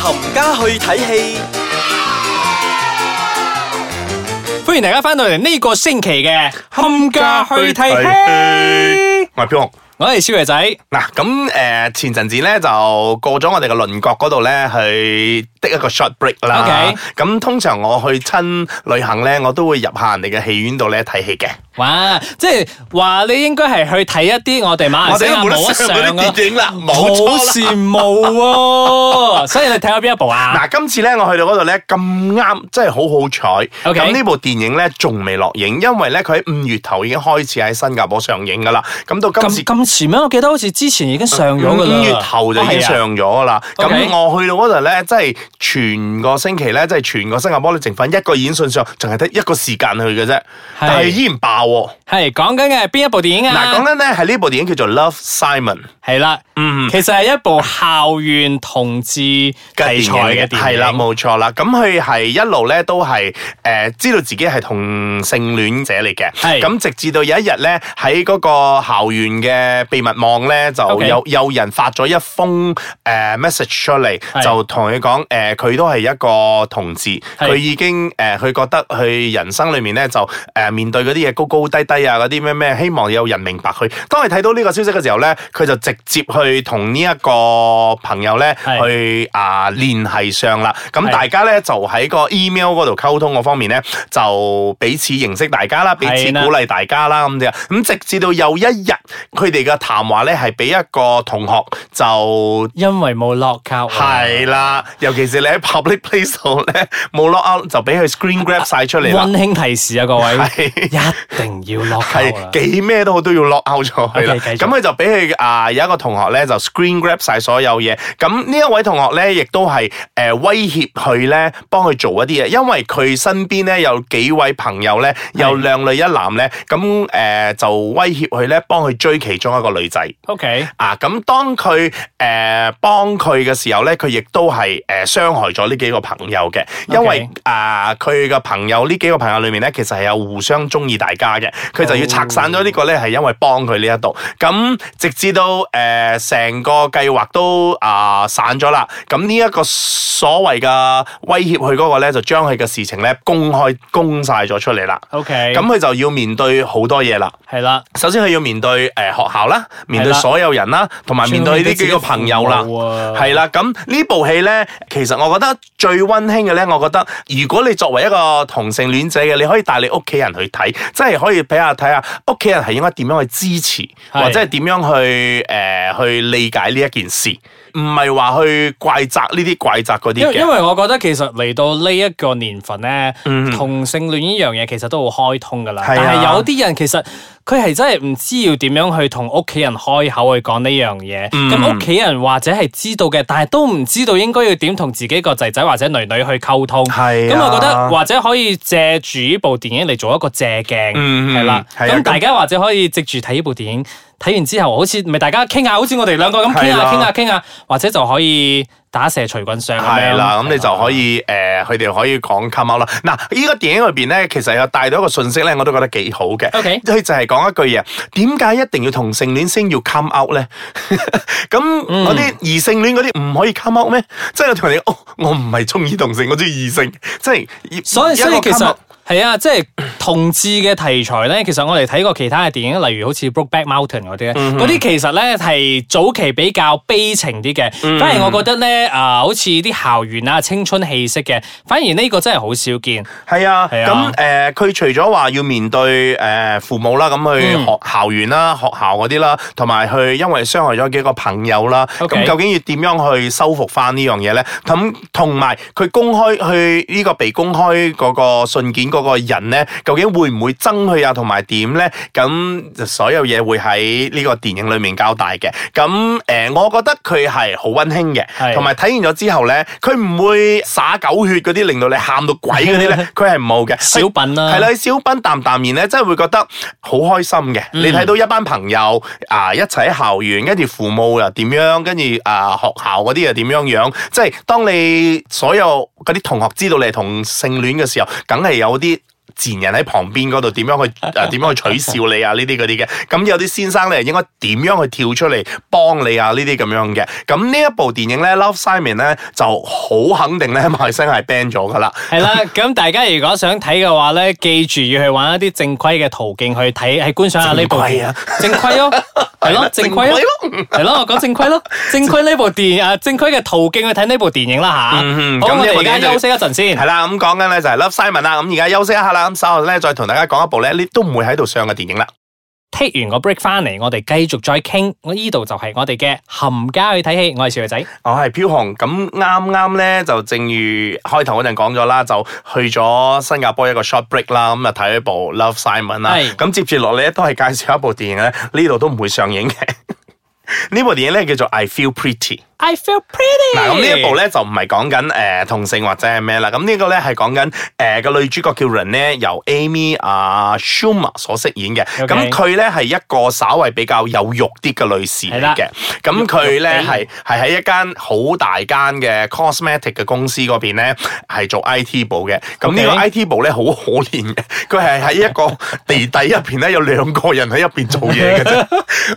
冚家去睇戲，歡迎大家翻到嚟呢個星期嘅冚家去睇戲。我係飄紅，我係小爺仔嗱。咁誒，前陣子咧就過咗我哋嘅鄰國嗰度咧去。的一個 short break 啦，咁通常我去親旅行咧，我都會入下人哋嘅戲院度咧睇戲嘅。哇，即係話你應該係去睇一啲我哋馬來西亞冇得上嗰啲電影啦，冇好羨慕啊！所以你睇咗邊一部啊？嗱，今次咧我去到嗰度咧咁啱，真係好好彩。咁呢部電影咧仲未落影，因為咧佢喺五月頭已經開始喺新加坡上映噶啦。咁到今時咁遲咩？我記得好似之前已經上咗嘅，五月頭就已經上咗啦。咁我去到嗰度咧，真係～全個星期咧，即、就、係、是、全個新加坡剩翻一個演訊上，仲係得一個時間去嘅啫，是但係依然爆、啊。係講緊嘅係邊一部電影啊？嗱，講緊咧係呢部電影叫做《Love Simon》。係啦的，嗯，其實係一部校園同志題材嘅電影。係啦，冇錯啦。咁佢係一路咧都係誒，知道自己係同性戀者嚟嘅。係咁的，直至到有一日咧，喺嗰個校園嘅秘密網咧，就有 Okay. 有人發咗一封誒、呃、message 出嚟，就同佢講誒。的誒，佢都係一個同志，佢是已經誒佢、呃、覺得佢人生裏面咧就誒、呃、面對嗰啲嘢高高低低啊，嗰啲咩咩，希望有人明白佢。當佢睇到呢個消息嘅時候咧，佢就直接去同呢一個朋友咧是去啊聯繫上啦。咁、呃、大家咧是就喺個 email 嗰度溝通嗰方面咧，就彼此認識大家啦，彼此鼓勵大家啦咁啫。咁的直至到有一日，佢哋嘅談話咧係俾一個同學，就因為冇落靠，係啦，尤其是。你喺 public place 度咧，冇 lock out 就俾佢 screen grab 曬出嚟。温馨提示啊，各位，一定要 lock out。係幾咩都好都要 lock out 咗佢啦。咁佢就俾佢啊，有一個同學咧就 screen grab 曬所有嘢。咁呢一位同學咧，亦都係誒威脅佢咧，幫佢做一啲嘢，因為佢身邊咧有幾位朋友咧，又靚女一男咧，咁誒就威脅佢咧，幫佢追其中一個女仔。OK。啊，咁當佢誒幫佢嘅時候咧，佢亦都係誒雙。傷害咗呢幾個朋友嘅，因為啊，佢嘅 Okay.、呃、朋友呢幾個朋友裏面咧，其實係有互相中意大家嘅，佢就要拆散咗呢、這個咧，係、oh. 因為幫佢呢一度。咁直至到誒，成、呃、個計劃都啊、呃、散咗啦。咁呢一個所謂嘅威脅佢嗰個咧，就將佢嘅事情咧公開公晒咗出嚟啦。OK，咁佢就要面對好多嘢啦。係啦的，首先佢要面對誒、呃、學校啦，面對所有人啦，同埋的面對呢幾個朋友啦。係啦、啊，咁呢部戲咧，其實。我覺得最溫馨嘅呢，我覺得如果你作為一個同性戀者嘅，你可以帶你屋企人去睇，即係可以俾下睇下屋企人係應該點樣去支持，是或者係點樣去誒、呃、去理解呢一件事，唔係話去怪責呢啲怪責嗰啲。因為我覺得其實嚟到呢一個年份呢，嗯、同性戀呢樣嘢其實都好開通噶啦，是啊、但係有啲人其實。佢係真係唔知要點樣去同屋企人開口去講呢樣嘢，咁屋企人或者係知道嘅，但係都唔知道應該要點同自己個仔仔或者女女去溝通。咁、啊、我覺得或者可以借住呢部電影嚟做一個借鏡，係啦。咁大家或者可以藉住睇呢部電影。睇完之後，好似咪大家傾下，好似我哋兩個咁傾下傾下傾下，或者就可以打蛇隨棍上咁樣。係啦，咁你就可以誒，佢哋、呃、可以講 come out 啦。嗱，依、呢個電影裏面咧，其實有帶到一個信息咧，我都覺得幾好嘅。OK，佢就係講一句嘢，點解一定要同性戀先要 come out 咧？咁嗰啲異性戀嗰啲唔可以 come out 咩？即係我同你講，我唔係中意同性，我中意異性，即係，所以，所以其實。係啊，即係同志嘅題材咧。其實我哋睇過其他嘅電影，例如好似 Bro《Brokeback Mountain、嗯哼》嗰啲咧，嗰啲其實咧係早期比較悲情啲嘅。嗯、哼反而我覺得咧、呃，好似啲校園啊、青春氣息嘅，反而呢個真係好少見。係啊，係啊。咁誒，佢、呃、除咗話要面對誒、呃、父母啦，咁去學校園啦、嗯、學校嗰啲啦，同埋去因為傷害咗幾個朋友啦，咁 Okay. 究竟要點樣去修復翻呢樣嘢咧？咁同埋佢公開去呢個被公開嗰個信件。嗰個人咧，究竟會唔會爭佢啊？同埋點咧？咁所有嘢會喺呢個電影裏面交代嘅。咁、呃、我覺得佢係好溫馨嘅，同埋睇完咗之後咧，佢唔會灑狗血嗰啲，令到你喊到鬼嗰啲咧，佢係冇嘅。小品啦、啊，係啦，小品淡淡淡然咧，真係會覺得好開心嘅。嗯、你睇到一班朋友啊，一齊喺校園，跟住父母又點樣，跟住啊學校嗰啲又點樣樣，即、就、係、是、當你所有嗰啲同學知道你係同性戀嘅時候，梗係有啲。賤人喺旁邊嗰度，點樣去誒？點 樣去取笑你啊？呢啲嗰啲嘅，咁有啲先生咧，應該點樣去跳出嚟幫你啊？呢啲咁樣嘅，咁呢一部電影咧，Love Simon 咧就好肯定咧，派生係 ban 咗噶啦。係啦，咁大家如果想睇嘅話咧，記住要去搵一啲正規嘅途徑去睇，去觀賞下呢部片，正規咯、啊，係、哦、 咯，正規咯，係咯，講正規咯，正規呢部電誒，正規嘅途徑去睇呢部電影啦吓。嗯咁哼好我而家休息一陣先。係啦，咁講緊咧就係 Love Simon 啦，咁而家休息一下啦。啱收咧，再同大家講一部咧，呢都唔會喺度上嘅電影啦。take 完個 break 翻嚟，我哋繼續再傾。我呢度就係我哋嘅冚家去睇戲，我係小仔，我係飄紅。咁啱啱咧就正如開頭嗰陣講咗啦，就去咗新加坡一個 short break 啦。咁啊睇咗部 Love Simon 啦。咁接住落嚟都係介紹一部電影咧，呢度都唔會上映嘅。 呢部電影咧叫做《I Feel Pretty》，I Feel Pretty。嗱咁呢一部咧就唔係講緊誒同性或者係咩啦，咁、這、呢個咧係講緊誒個女主角叫 Renee 咧、uh,，由 Amy 啊 Schumer 所飾演嘅。咁佢咧係一個稍微比較有肉啲嘅女士嚟嘅。咁佢咧係係喺一間好大間嘅 cosmetic 嘅公司嗰邊咧，係做 IT 部嘅。咁呢 Okay. 個 IT 部咧好可憐嘅，佢係喺一個地底入邊咧有兩個人喺入邊做嘢嘅啫。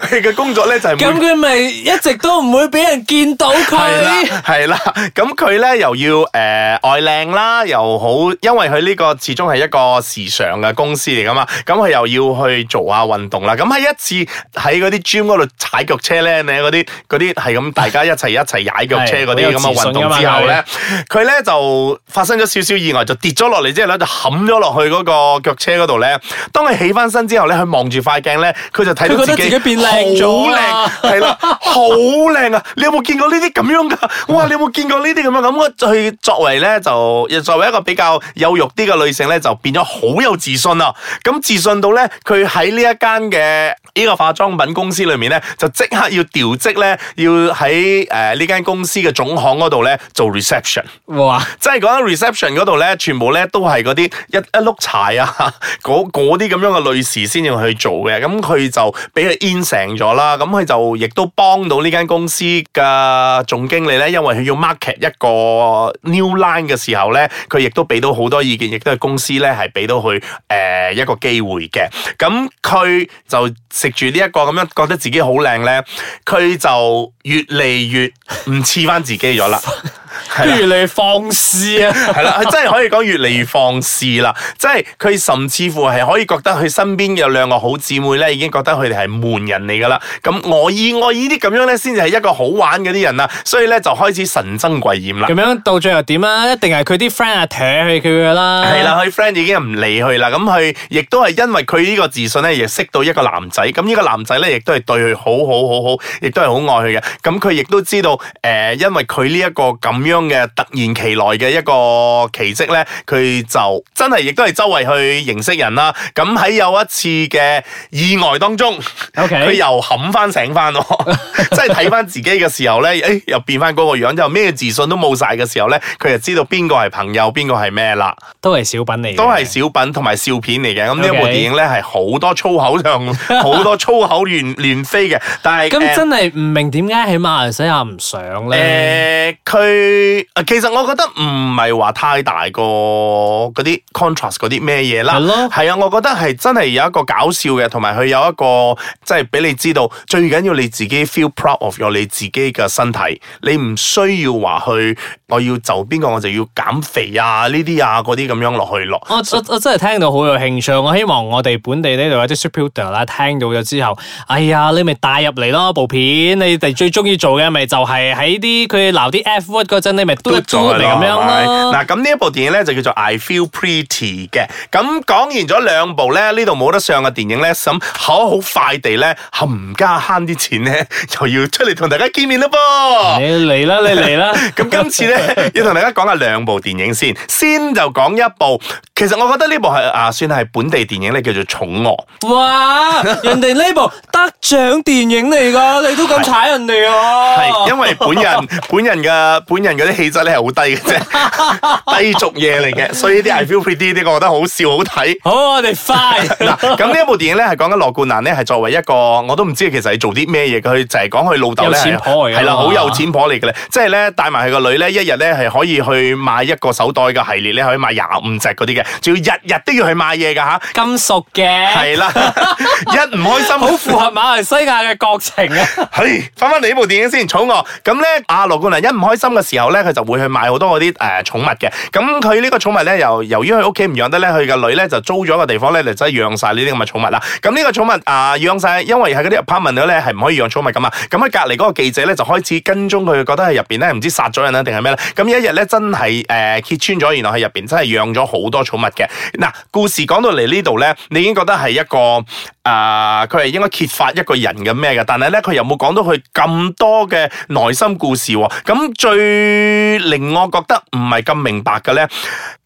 佢嘅工作咧 就係每佢咪一直都唔會俾人見到佢？係啦，係啦。咁佢咧又要誒愛靚啦，又好，因為佢呢個始終係一個時尚嘅公司嚟㗎嘛。咁佢又要去做下運動啦。咁喺一次喺嗰啲 gym 嗰度踩腳車咧，你嗰啲嗰啲係咁大家一齊一齊踩腳車嗰啲咁嘅運動之後咧，佢咧就發生咗少少意外，就跌咗落嚟之後咧就冚咗落去嗰個腳車嗰度咧。當佢起返身之後咧，佢望住塊鏡咧，佢就睇到自己變靚咗啦。係啦，好靚 啊！你有冇見過呢啲咁樣噶？哇！你有冇見過呢啲咁樣咁？佢作為咧就，又作為一個比較有肉啲嘅女性咧，就變咗好有自信啊。咁自信到咧，佢喺呢一間嘅呢個化妝品公司裏面咧，就即刻要調職咧，要喺誒呢間公司嘅總行嗰度咧做 reception。哇！即係講緊 reception 嗰度咧，全部咧都係嗰啲一一碌柴啊，嗰啲咁樣嘅女士先至去做嘅。咁佢就俾佢 in 成咗啦，咁佢就。亦都幫到呢間公司嘅總經理呢，因為佢要 market 一個 new line 嘅時候呢，佢亦都俾到好多意見，亦都係公司呢係俾到佢誒一個機會嘅。咁佢就食住呢一個咁樣，覺得自己好靚呢，佢就越嚟越唔似翻自己咗啦。 是啊，越嚟放肆啊，係啦、 啊，佢真係可以講越嚟越放肆啦，即係佢甚至乎係可以覺得佢身邊有兩個好姊妹咧，已經覺得佢哋係悶人嚟噶啦。咁我以我呢啲咁樣咧，先至係一個好玩嗰啲人啦。所以咧就開始神憎鬼厭啦。咁樣到最後點啊？一定係佢啲 friend 啊，踢去佢噶啦。係啦，啊，佢 friend 已經唔理佢啦。咁佢亦都係因為佢呢個自信咧，亦識到一個男仔。咁呢個男仔咧，亦都係對佢好好好好，亦都係好愛佢嘅。咁佢亦都知道，誒、呃，因為佢呢一個咁樣。嘅突然其來嘅一個奇蹟呢，佢就真係亦都係周圍去認識人啦。咁喺有一次嘅意外當中，佢 Okay. 又冚翻醒翻，即係睇翻自己嘅時候呢，誒、哎、又變翻個個樣子，就咩自信都冇曬嘅時候呢，佢就知道邊個係朋友，邊個係咩啦？都係小品嚟，都係小品同埋笑片嚟嘅。咁呢部電影呢，係好多粗口上，上好 多粗口亂亂飛嘅。但係咁、嗯嗯、真係唔明點解喺馬來西亞唔上呢？佢、嗯。啊，其實我覺得唔係話太大個嗰啲 contrast 嗰啲咩嘢啦，係對咯，係啊，我覺得係真係有一個搞笑嘅，同埋佢有一個即係俾你知道，最緊要你自己 feel proud of your 你自己嘅身體，你唔需要話去我要就邊個我就要減肥啊呢啲啊嗰啲咁樣落去咯。我我真係聽到好有興趣，我希望我哋本地呢度有啲 superior 啦，聽到咗之後，哎呀，你咪帶入嚟咯部片，你哋最中意做嘅咪就係喺啲佢鬧啲 f word 嗰你咪嘟咗嚟咁樣啦，嗱，咁呢一部電影咧就叫做 I Feel Pretty 嘅。咁講完咗兩部咧，呢度冇得上嘅電影咧，咁好好快地咧，冚家慳啲錢咧，又要出嚟同大家見面咯噃，你嚟啦，你嚟啦。咁 今次咧要同大家講下兩部電影先，先就講一部。其實我覺得呢部係啊，算係本地電影咧，叫做《寵樂》。哇！人哋呢部得獎電影嚟噶，你都敢踩人哋啊？係，因為本人 本人嘅本人嗰啲氣質咧係好低嘅啫， 低俗嘢嚟嘅，所以啲 I feel pretty 啲我覺得好笑好睇。好，我哋快嗱。咁呢一部電影咧，係講緊羅冠蘭咧，係作為一個我都唔知其實係做啲咩嘢，佢就係講佢老豆咧係啦，好有錢婆嚟嘅咧，即係咧帶埋佢個女咧，一日咧係可以去買一個手袋嘅系列咧，可以買廿五隻嗰啲嘅。仲要日日都要去買嘢噶嚇，金屬嘅，係啦了， 一唔開心，好 符合馬來西亞嘅國情啊！嘿， 翻翻嚟呢部電影先，寵物咁咧，阿羅冠蘭一唔開心嘅時候咧，佢就會去買好多嗰啲誒寵物嘅。咁佢呢個寵物咧，由由於佢屋企唔養得咧，佢嘅女咧就租咗一個地方咧嚟真係養晒呢啲咁嘅寵物啦。咁呢個寵物啊、呃、養晒，因為喺嗰啲 apartment 咧係唔可以養寵物噶嘛。咁喺隔離嗰個記者咧就開始跟蹤佢，覺得喺入邊咧唔知殺咗人啦定係咩咧？咁一日咧真係誒、呃、揭穿咗，原來喺入邊真係養咗好多寵物。物嘅嗱，故事講到嚟呢度咧，你已經覺得係一個誒，佢、呃、係應該揭發一個人嘅咩嘅。但係咧，佢又冇講到佢咁多嘅內心故事。咁最令我覺得唔係咁明白嘅咧，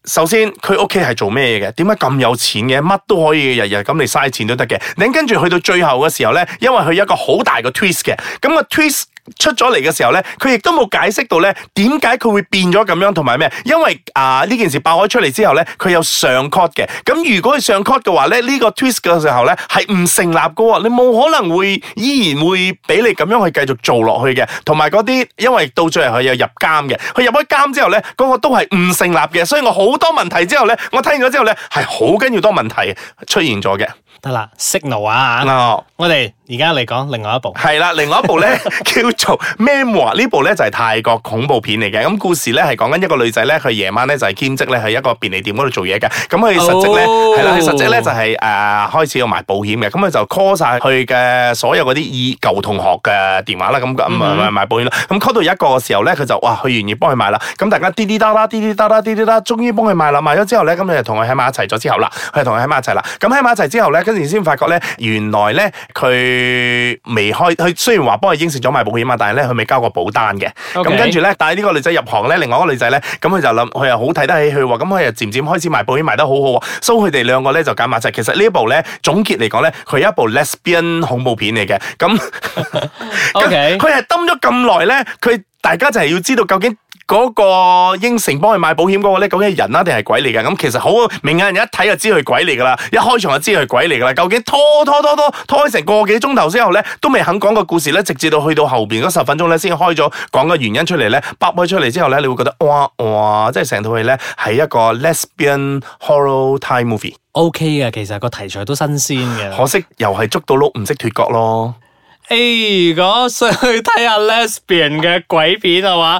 首先佢屋企係做咩嘅？點解咁有錢嘅？乜都可以日日咁嚟嘥錢都得嘅。你跟住去到最後嘅時候咧，因為佢有一個好大嘅 twist 嘅，咁個 twist，出咗嚟嘅時候咧，佢亦都冇解釋到咧，點解佢會變咗咁樣，同埋咩？因為啊呢、呃、件事爆咗出嚟之後咧，佢有上 court 嘅。咁如果佢上 court 嘅話咧，呢、這個 twist 嘅時候咧係唔成立嘅。你冇可能會依然會俾你咁樣去繼續做落去嘅。同埋嗰啲，因為到最後佢有入監嘅，佢入咗監之後咧，嗰、那個都係唔成立嘅。所以我好多問題之後咧，我聽完咗之後咧係好緊要多問題出現咗嘅。得啦 Signal 啊！我哋而家嚟講另外一部，係啦，另外一部咧叫做《Memoir》。呢部咧就係泰國恐怖片嚟嘅。咁故事咧係講緊一個女仔咧，佢夜晚咧就係兼職咧去一個便利店嗰度做嘢嘅。咁佢實際咧係啦，佢實際咧就係誒開始要賣保險嘅。咁佢就 call 晒佢嘅所有嗰啲以舊同學嘅電話啦。咁咁啊賣保險啦。咁 call 到一個嘅時候咧，佢就哇，佢願意幫佢賣啦。咁大家滴滴嗒啦，滴滴嗒啦，滴滴嗒，終於幫佢賣啦。賣咗之後咧，咁佢就同佢喺埋一齊咗之後啦，佢就同佢喺埋一齊啦。咁喺埋一齊之後咧。先先發覺咧，原來咧佢未開，佢雖然話幫佢應承咗賣保險啊，但係咧佢未交過保單嘅。咁 Okay. 跟住咧，帶呢個女仔入行咧，另外一個女仔咧，咁佢就諗，佢又好睇得起佢喎。咁佢又漸漸開始賣保險，賣得好好喎。所以佢哋兩個咧就解碼就，其實呢一部咧總結嚟講咧，佢係一部 lesbian 恐怖片嚟嘅。咁 Okay.，佢係蹲咗咁耐咧，佢大家就係要知道究竟。嗰個應承幫佢買保險嗰個咧，究竟係人呀定係鬼嚟噶？咁其實好明眼人，一睇就知佢鬼嚟噶啦。一開場就知佢鬼嚟噶啦。究竟拖拖拖拖拖成個幾鐘頭之後咧，都未肯講個故事咧，直至到去到後邊嗰十分鐘咧先開咗講個原因出嚟咧，剝開出嚟之後咧，你會覺得哇哇，即係成套戲咧係一個 lesbian horror time movie。O K 嘅，其實個題材都新鮮嘅，可惜又係捉到鹿唔識脱角咯。誒，如果想去睇下 lesbian 嘅鬼片嘅話。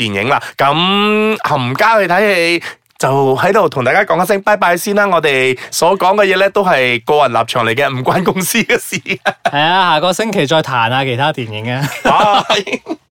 電影啦，咁含家去睇戲就喺度同大家講一聲拜拜先啦。我哋所講嘅嘢呢，都係個人立場嚟嘅，唔關公司嘅事。係啊，下個星期再談下其他電影啊。Bye